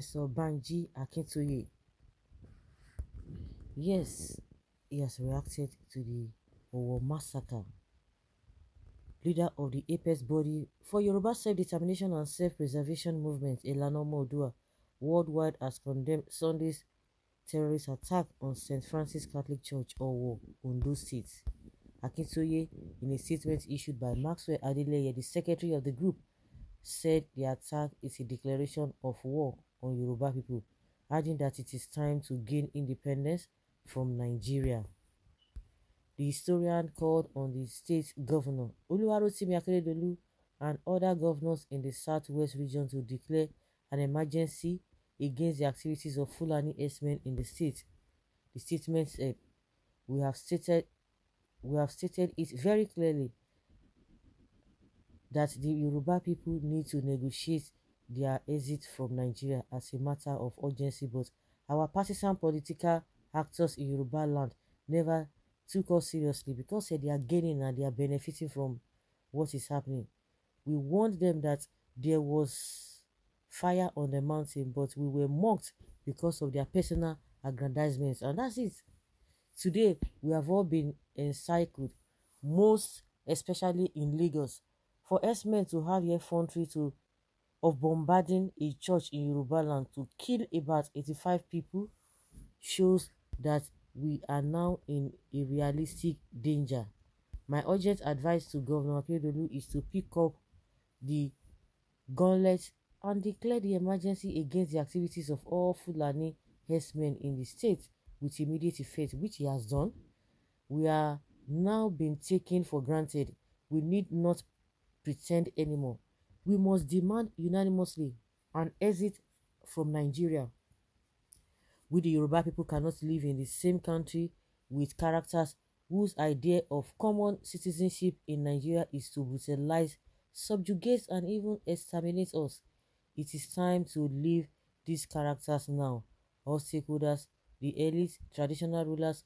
Professor Banji Akintoye. Yes, he has reacted to the Owo massacre. Leader of the Apex body for Yoruba self-determination and self-preservation movement, Elano Odua, worldwide has condemned Sunday's terrorist attack on St. Francis Catholic Church, Owo, Ondo State. Akintoye, in a statement issued by Maxwell Adeleye, the secretary of the group, said the attack is a declaration of war on Yoruba people, adding that it is time to gain independence from Nigeria. The historian called on the state governor Oluwarotimi Akeredolu and other governors in the southwest region to declare an emergency against the activities of Fulani herdsmen in the state. The statement said, "We have stated, we have stated it very clearly that the Yoruba people need to negotiate their exit from Nigeria as a matter of urgency, but our partisan political actors in Yoruba land never took us seriously because eh, they are gaining and they are benefiting from what is happening. We warned them that there was fire on the mountain, but we were mocked because of their personal aggrandizements, and that's it. Today, we have all been encircled, most especially in Lagos. For S men to have effrontery to of bombarding a church in Yorubaland to kill about 85 people shows that we are now in a realistic danger. My urgent advice to Governor Akeredolu is to pick up the gauntlet and declare the emergency against the activities of all Fulani herdsmen in the state with immediate effect, which he has done. We are now being taken for granted. We need not pretend anymore. We must demand unanimously an exit from Nigeria. We, the Yoruba people, cannot live in the same country with characters whose idea of common citizenship in Nigeria is to brutalize, subjugate, and even exterminate us. It is time to leave these characters now. All stakeholders, the elite, traditional rulers,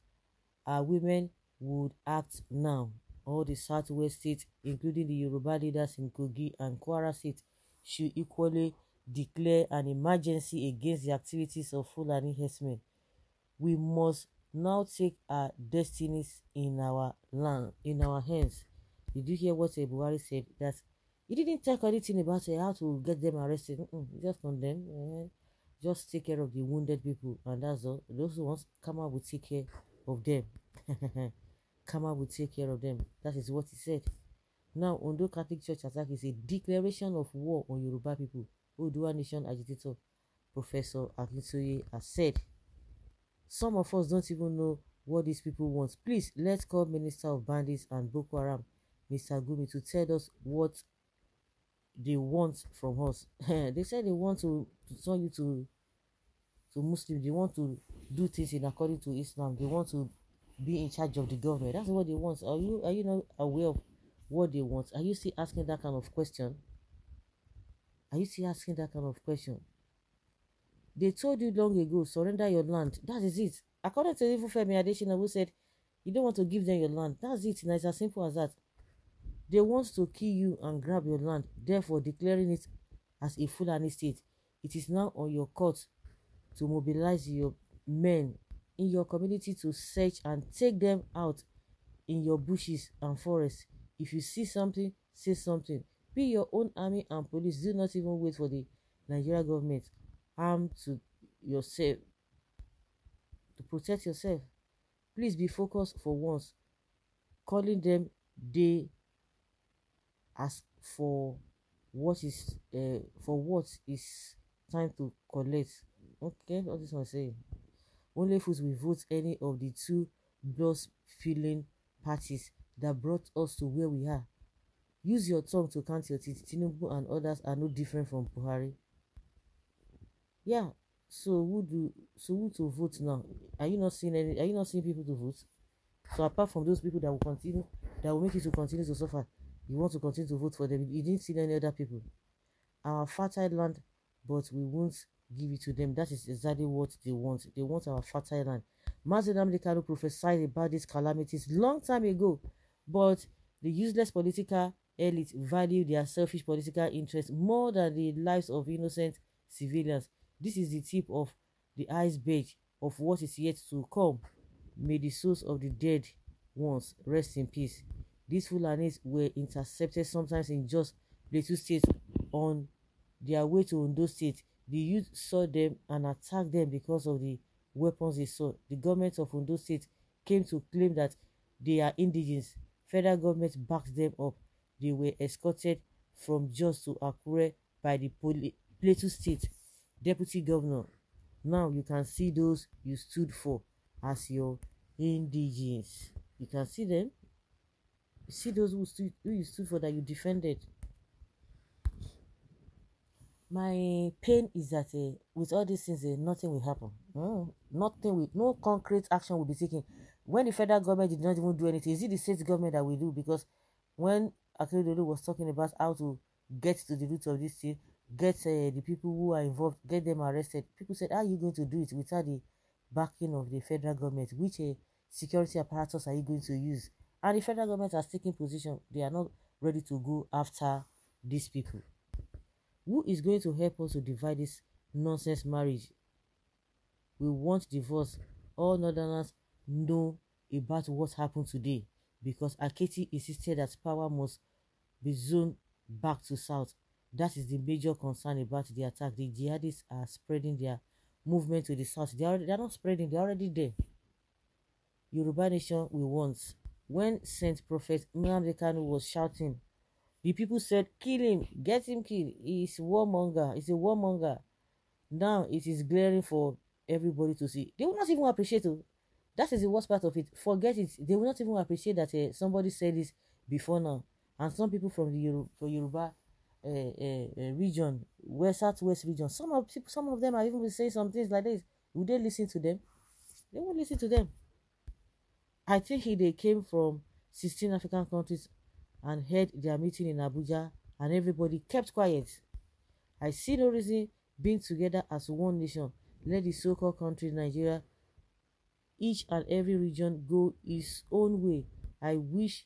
our women would act now all the southwest states, including the Yoruba leaders in Kogi and Kwara State, should equally declare an emergency against the activities of Fulani herdsmen. We must now take our destinies in our land, in our hands. Did you hear what Buhari said? That he didn't talk anything about eh, how to get them arrested. Mm-mm, just condemn. Uh, eh. just take care of the wounded people, and that's all. Those ones, come out will take care of them. Kama will take care of them. That is what he said. Now, Ondo Catholic Church attack is a declaration of war on Yoruba people. Odua Nation agitator Professor Akintoye has said. Some of us don't even know what these people want. Please, let's call Minister of Bandits and Boko Haram, Mr. Gumi, to tell us what they want from us. they said they want to, to turn you to to Muslim. They want to do things in according to Islam. They want to be in charge of the government. That's what they want. Are you are you not aware of what they want? Are you still asking that kind of question? Are you still asking that kind of question? They told you long ago, surrender your land. That is it. According to even Femi I who said, you don't want to give them your land. That's it. Now it's as simple as that. They want to kill you and grab your land, therefore declaring it as a Fulani state. It is now on your court to mobilize your men in your community to search and take them out in your bushes and forests. If you see something, say something. Be your own army and police. Do not even wait for the Nigeria government. Arm to yourself to protect yourself. Please be focused for once. Calling them they ask for what is uh, for what is time to collect. Okay, what is one saying. Only fools will vote any of the two blood-spilling parties that brought us to where we are. Use your tongue to count your teeth. Tinubu and others are no different from Buhari. Yeah, so who do so who to vote now? Are you not seeing any? Are you not seeing people to vote? So apart from those people that will continue, that will make you to continue to suffer, you want to continue to vote for them. You didn't see any other people. Our fertile land, but we won't give it to them. That is exactly what they want. They want our fertile land. Mazin Amdekano prophesied about these calamities long time ago, but the useless political elite value their selfish political interests more than the lives of innocent civilians. This is the tip of the iceberg of what is yet to come. May the souls of the dead ones rest in peace. These Fulanis were intercepted sometimes in just the two states on their way to Ondo State the youth saw them and attacked them because of the weapons they saw. The government of Ondo State came to claim that they are indigenous. Federal government backed them up. They were escorted from Jos to Akure by the Poli- Plateau State Deputy Governor. Now you can see those you stood for as your indigenous. You can see them. You see those who stood, who you stood for that you defended. my pain is that uh, with all these things, uh, nothing will happen. Mm, nothing will, no concrete action will be taken. When the federal government did not even do anything, is it the state government that will do? Because when Akeredolu was talking about how to get to the root of this thing, get uh, the people who are involved, get them arrested, people said, How are you going to do it without the backing of the federal government? Which uh, security apparatus are you going to use? And the federal government has taken position, they are not ready to go after these people. Who is going to help us to divide this nonsense marriage? We want divorce. All northerners know about what happened today because Aketi insisted that power must be zoned back to south. That is the major concern about the attack. The jihadists are spreading their movement to the south. They are, they are not spreading, they are already there. Yoruba nation we want. When Saint Prophet Nnamdi was shouting The people said, Kill him, get him killed. He's warmonger, he's a warmonger. Now it is glaring for everybody to see. They will not even appreciate it. Oh. That is the worst part of it. Forget it. They will not even appreciate that uh, somebody said this before now. And some people from the Yoruba, from Yoruba uh, uh, region, west southwest region, some of people, some of them have even been saying some things like this. Would they listen to them? They won't listen to them. I think he, they came from 16 African countries and held their meeting in Abuja, and everybody kept quiet. I see no reason being together as one nation, let the so called country Nigeria, each and every region go its own way. I wish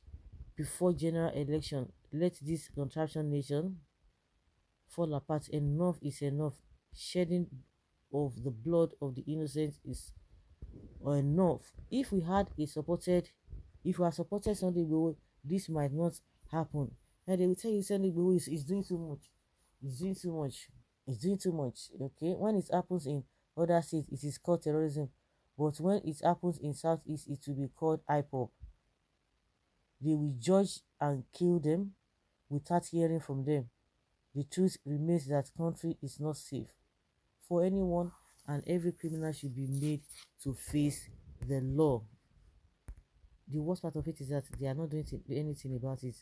before general election, let this contraption nation fall apart. Enough is enough. Shedding of the blood of the innocent is enough. If we had a supported, if we had supported Sunday Igboho, this might not happen. And they will tell you something. Igboho is, doing too much. It's doing too much. It's doing too much. Okay. When it happens in other states, it is called terrorism. But when it happens in Southeast, it will be called IPOP. They will judge and kill them without hearing from them. The truth remains that country is not safe for anyone and every criminal should be made to face the law the worst part of it is that they are not doing anything about it